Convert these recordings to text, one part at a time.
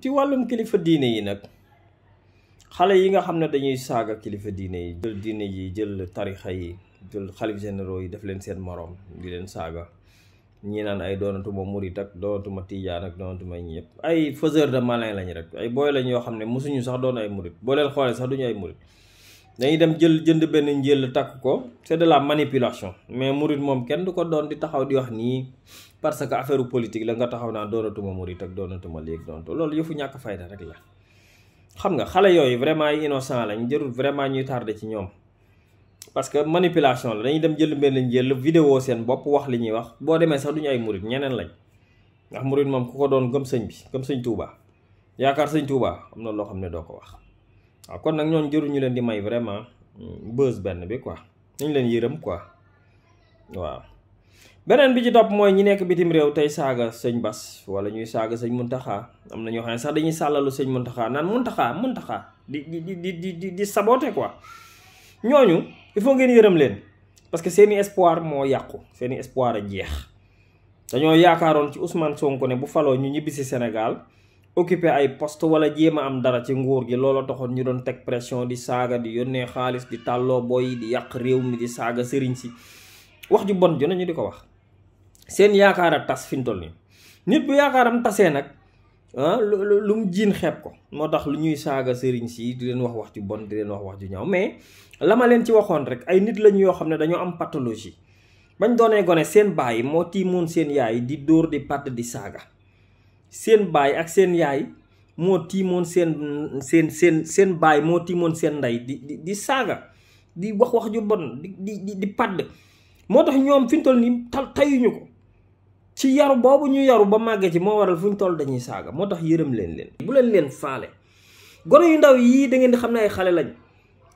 ci wàllum kilifa diine yi nag xale yi nga xam ne dañuy saaga kilifa diine yi jël diine yi jël tarixa yi jël xalif généraux yi def leen seen moroom di leen saaga ñi naan ay doonatuma murit ak doonatuma tijaan ak doonatuma ñi yëpp ay faiseur de malin lañ rek ay booy lañ yoo xam ne mësuñu sax doon ay murit boo leen xoolee sax duñu ay murit dañuy dem jël jënd benn njël takk ko c'est de la manipulation mais murit moom kenn du ko doon di taxaw di wax nii parce que affaire politique la nga taxaw naa doonatuma murit ak doonatuma léegi doonatu loolu yëfu ñàkk fayda rek la xam nga xale yooyu vraiment yi innocent lañ jërul vraiment ñuy tardé ci ñoom parce que manipulation la dañuy dem jël benn njël vidéo seen bopp wax li ñuy wax boo demee sax duñu ay murit ñeneen lañ ndax murit moom ku ko doon gëm sëñ bi gëm sëñ Touba yaakaar sëñ Touba am na loo xam ne doo ko wax waaw kon nag ñooñu jëruñu leen di may vraiment mm, bës benn bi quoi nañ leen yërëm quoi waaw beneen bi ci topp mooy ñi nekk bitim réew tey saaga sëñ Bas wala ñuy saaga sëñ Muntaxa am na ñoo xam ne sax dañuy sàllalu sëñ Muntaxa naan Muntaxa Muntaxa di di di di di di saboté quoi ñooñu il faut ngeen yërëm leen parce que seeni espoir moo yàqu seeni espoir a jeex dañoo yaakaaroon ci Ousmane Sonko ne bu faloo ñu ñibbi si senegal occupé ay poste wala jéem am dara ci nguur gi loola taxoon ñu doon teg pression di saaga di yónnee xaalis di tàlloo booy di yàq réew mi di saaga sëriñ si wax ju bon ju nañu di ko wax seen yaakaar a tas fi mu toll nii nit bu yaakaaram tasee nag ah, lu mu jiin xeeb ko moo tax lu ñuy saaga sëriñ si di leen wax wax ju bon di leen wax wax ju ñaaw mais la ma leen ci waxoon rek ay nit lañu yoo xam ne dañoo am pathologie bañ doonee gone seen baay moo tiimoon seen yaay di dóor di padd di saaga seen baay ak seen yaay moo tiimoon seen seen seen seen baay moo tiimoon seen ndey di di di saaga di wax wax ju bon di di di padd moo tax ñoom fi ñu toll nii tal tayuñu ko ci yaru boobu ñu yaru ba màggee ci moo waral fu ñu toll dañuy saaga moo tax yërëm leen leen. bu leen leen faale gone yu ndaw yii da ngeen di xam ne ay xale lañ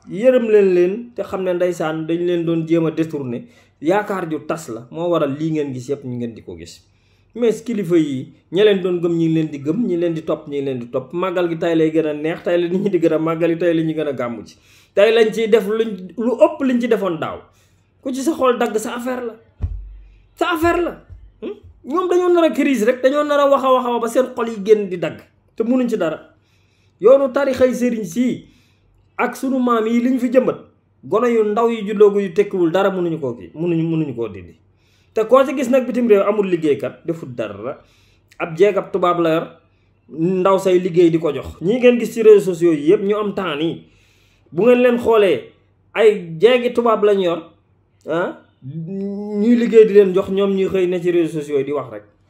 yërëm leen leen te xam ne ndeysaan dañ leen doon jéem a détourné yaakaar ju tas la moo waral lii ngeen gis yëpp ñu ngeen di ko gis. mais kilifa yi ña leen doon gëm ñi ngi leen di gëm ñi leen di topp ñi ngi leen di topp màggal gi tay lay gën a neex tay la nit ñi di gën a màggal yi tay la ñuy gën a gàmmu ci tay lañ ciy def luñ lu ëpp liñ ci defoon daaw ku ci sa xool dagg sa affaire la sa affaire la hmm? ñoom dañoo nar a crise rek dañoo nar a wax a wax ba seen xol yi génn di dagg te munuñ ci dara yoonu tarixay sëriñ sii ak sunu maam yi li ñu fi jëmbat gone yu ndaw yu juddoogu yu tekkiwul dara munuñu koo kii munuñu munuñu koo dindi te koo ci gis nag bitim réew amul liggéeykat defut dara ab jeegab tubaab la yor ndaw say liggéey di ko jox ñi ngeen gis ci réseaux sociaux yi yëpp ñu am temps nii bu ngeen leen xoolee ay jeegi tubaab lañu yor ah, ñuy liggéey di leen jox ñoom ñuy xëy ne ci réseaux sociaux yi di wax rek